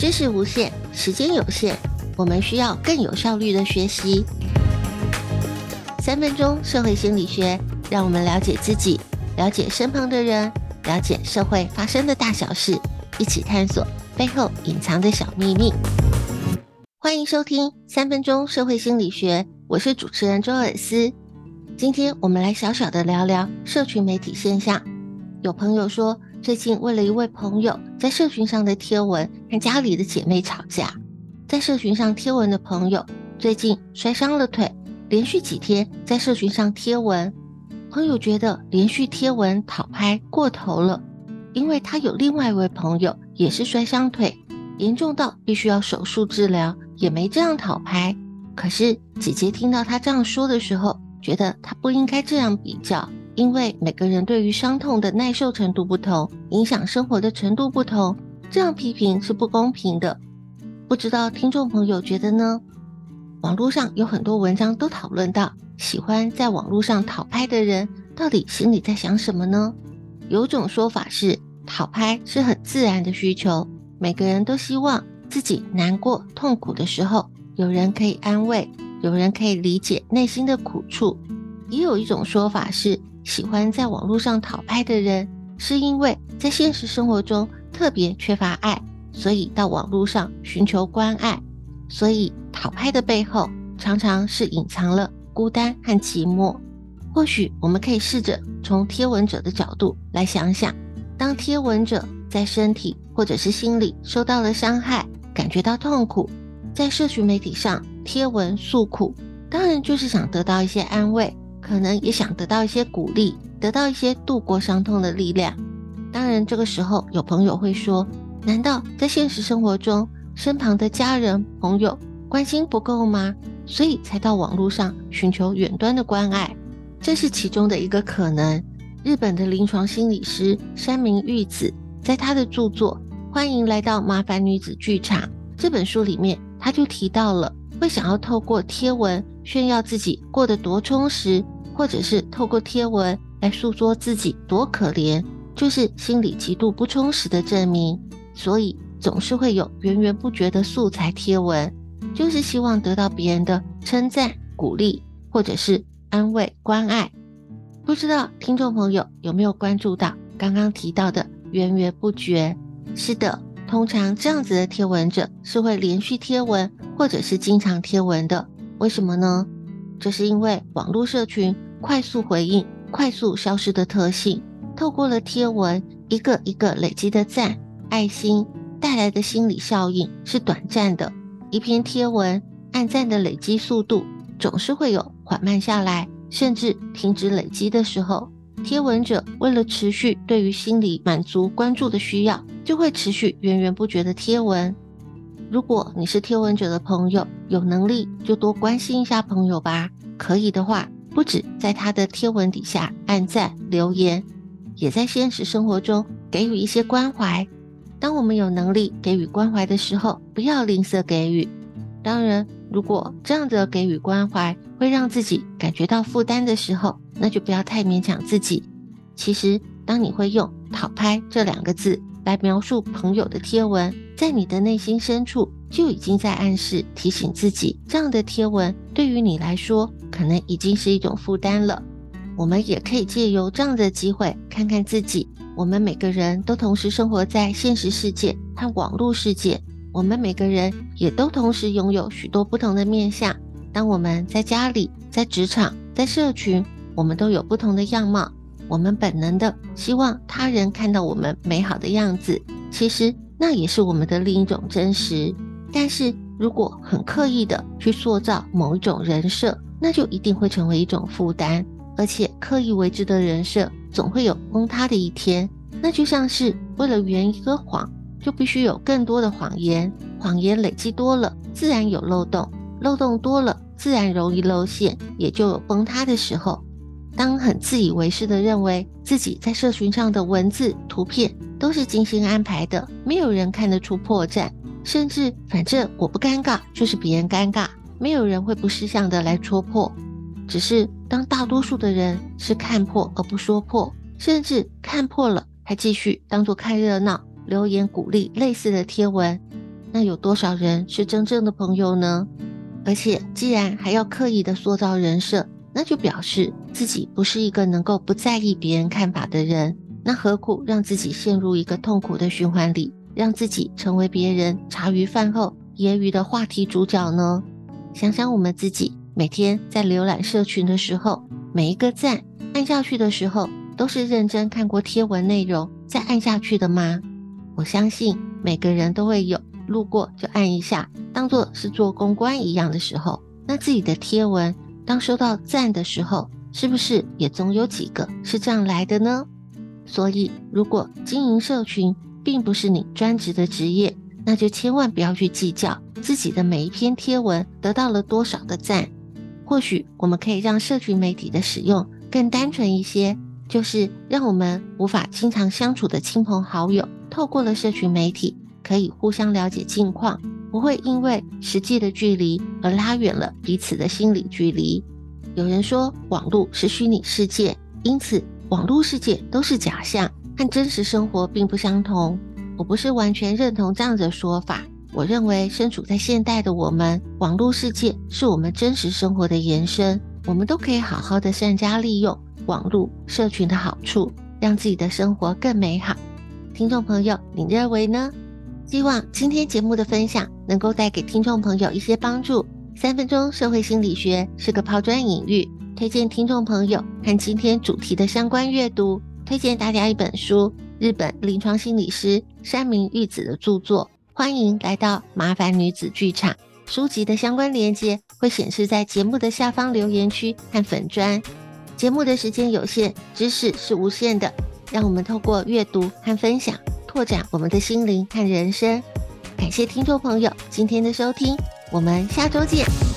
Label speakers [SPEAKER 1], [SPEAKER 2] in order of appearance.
[SPEAKER 1] 知識無限，時間有限，我們需要更有效率的學習。三分鐘社會心理學，讓我們了解自己，了解身旁的人，了解社會發生的大小事，一起探索背後隱藏的小祕密。歡迎收聽三分鐘社會心理學，我是主持人周爾思。今天我們來小小的聊聊社群媒體現象。有朋友說。最近為了一位朋友在社群上的貼文，跟家裡的姐妹吵架。在社群上貼文的朋友最近摔傷了腿，連續幾天在社群上貼文。朋友覺得連續貼文討拍過頭了，因為他有另外一位朋友也是摔傷腿，嚴重到必須要手術治療，也沒這樣討拍。可是姐姐聽到他這樣說的時候，覺得他不應該這樣比較。因為每個人對於傷痛的耐受程度不同，影響生活的程度不同，這樣批評是不公平的。不知道聽眾朋友覺得呢？網絡上有很多文章都討論到，喜歡在網絡上討拍的人到底心裡在想什麼呢？有種說法是，討拍是很自然的需求，每個人都希望自己難過、痛苦的時候，有人可以安慰，有人可以理解內心的苦處。也有一種說法是，喜歡在網絡上討拍的人，是因為在現實生活中特別缺乏愛，所以到網絡上尋求關愛。所以討拍的背後，常常是隱藏了孤單和寂寞。或許我們可以試着從貼文者的角度來想想，當貼文者在身體或者是心理受到了傷害，感覺到痛苦，在社群媒體上貼文訴苦，當然就是想得到一些安慰。可能也想得到一些鼓勵，得到一些度過傷痛的力量。當然，這個時候有朋友會說：“難道在現實生活中，身旁的家人朋友關心不夠嗎？所以才到網絡上尋求遠端的關愛？”這是其中的一個可能。日本的臨床心理師山明玉子在他的著作《歡迎來到麻煩女子劇場》這本書裡面，他就提到了會想要透過貼文炫耀自己過得多充實。或者是透過貼文來訴說自己多可憐，就是心裡極度不充實的證明，所以總是會有源源不絕的素材貼文，就是希望得到別人的稱讚、鼓勵，或者是安慰、關愛。不知道聽眾朋友有沒有關注到剛剛提到的源源不絕？是的，通常這樣子的貼文者是會連續貼文，或者是經常貼文的，為什麼呢？這是因為網絡社群快速回應、快速消失的特性，透過了貼文一個一個累積的贊愛心帶來的心理效應是短暫的。一篇貼文按贊的累積速度總是會有緩慢下來，甚至停止累積的時候，貼文者為了持續對於心理滿足關注的需要，就會持續源源不絕的貼文。如果你是貼文者的朋友，有能力就多關心一下朋友吧。可以的話，不止在他的貼文底下按贊留言，也在現實生活中給予一些關懷。當我們有能力給予關懷的時候，不要吝嗇給予。當然，如果這樣的給予關懷會讓自己感覺到負擔的時候，那就不要太勉強自己。其實，當你會用“討拍”這兩個字來描述朋友的貼文。在你的內心深處就已經在暗示、提醒自己，這樣的貼文對於你來說，可能已經是一種負擔了。我們也可以借由這樣的機會，看看自己。我們每個人都同時生活在現實世界和網絡世界，我們每個人也都同時擁有許多不同的面相面向。當我們在家裡、在職場、在社群，我們都有不同的樣貌。我們本能的希望他人看到我們美好的樣子，其實。那也是我們的另一種真實，但是如果很刻意的去塑造某一種人設，那就一定會成為一種負擔，而且刻意為之的人設總會有崩塌的一天。那就像是為了圓一個謊，就必須有更多的謊言，謊言累積多了，自然有漏洞，漏洞多了，自然容易露餡，也就有崩塌的時候。當很自以為是的認為自己在社群上的文字、圖片都是精心安排的，沒有人看得出破綻，甚至反正我不尷尬，就是別人尷尬，沒有人會不識相的來戳破。只是當大多數的人是看破而不說破，甚至看破了還繼續當作看熱鬧，留言鼓勵類似的貼文，那有多少人是真正的朋友呢？而且既然還要刻意的塑造人設，那就表示。自己不是一個能夠不在意別人看法的人，那何苦讓自己陷入一個痛苦的循環裡，讓自己成為別人茶餘飯後揶揄的話題主角呢？想想我們自己每天在瀏覽社群的時候，每一個讚按下去的時候，都是認真看過貼文內容再按下去的嗎？我相信每個人都會有路過就按一下，當作是做公關一樣的時候，那自己的貼文當收到讚的時候，是不是也總有幾個是這樣來的呢？所以，如果經營社群並不是你專職的職業，那就千萬不要去計較自己的每一篇貼文得到了多少個讚。或許我們可以讓社群媒體的使用更單純一些，就是讓我們無法經常相處的親朋好友，透過了社群媒體可以互相了解近況，不會因為實際的距離而拉遠了彼此的心理距離。有人說網絡是虛擬世界，因此網絡世界都是假象，和真實生活並不相同。我不是完全認同這樣的說法。我認為，身處在現代的我們，網絡世界是我們真實生活的延伸。我們都可以好好的善加利用網絡社群的好處，讓自己的生活更美好。聽眾朋友，你認為呢？希望今天節目的分享能夠帶給聽眾朋友一些幫助。三分鐘社會心理學是個拋磚引玉，推薦聽眾朋友看今天主題的相關閱讀。推薦大家一本書，日本臨床心理師山名裕子的著作。歡迎來到麻煩女子劇場，書籍的相關連接會顯示在節目的下方留言區和粉專。節目的時間有限，知識是無限的，讓我們透過閱讀和分享，拓展我們的心靈和人生。感謝聽眾朋友今天的收聽。我們下週見。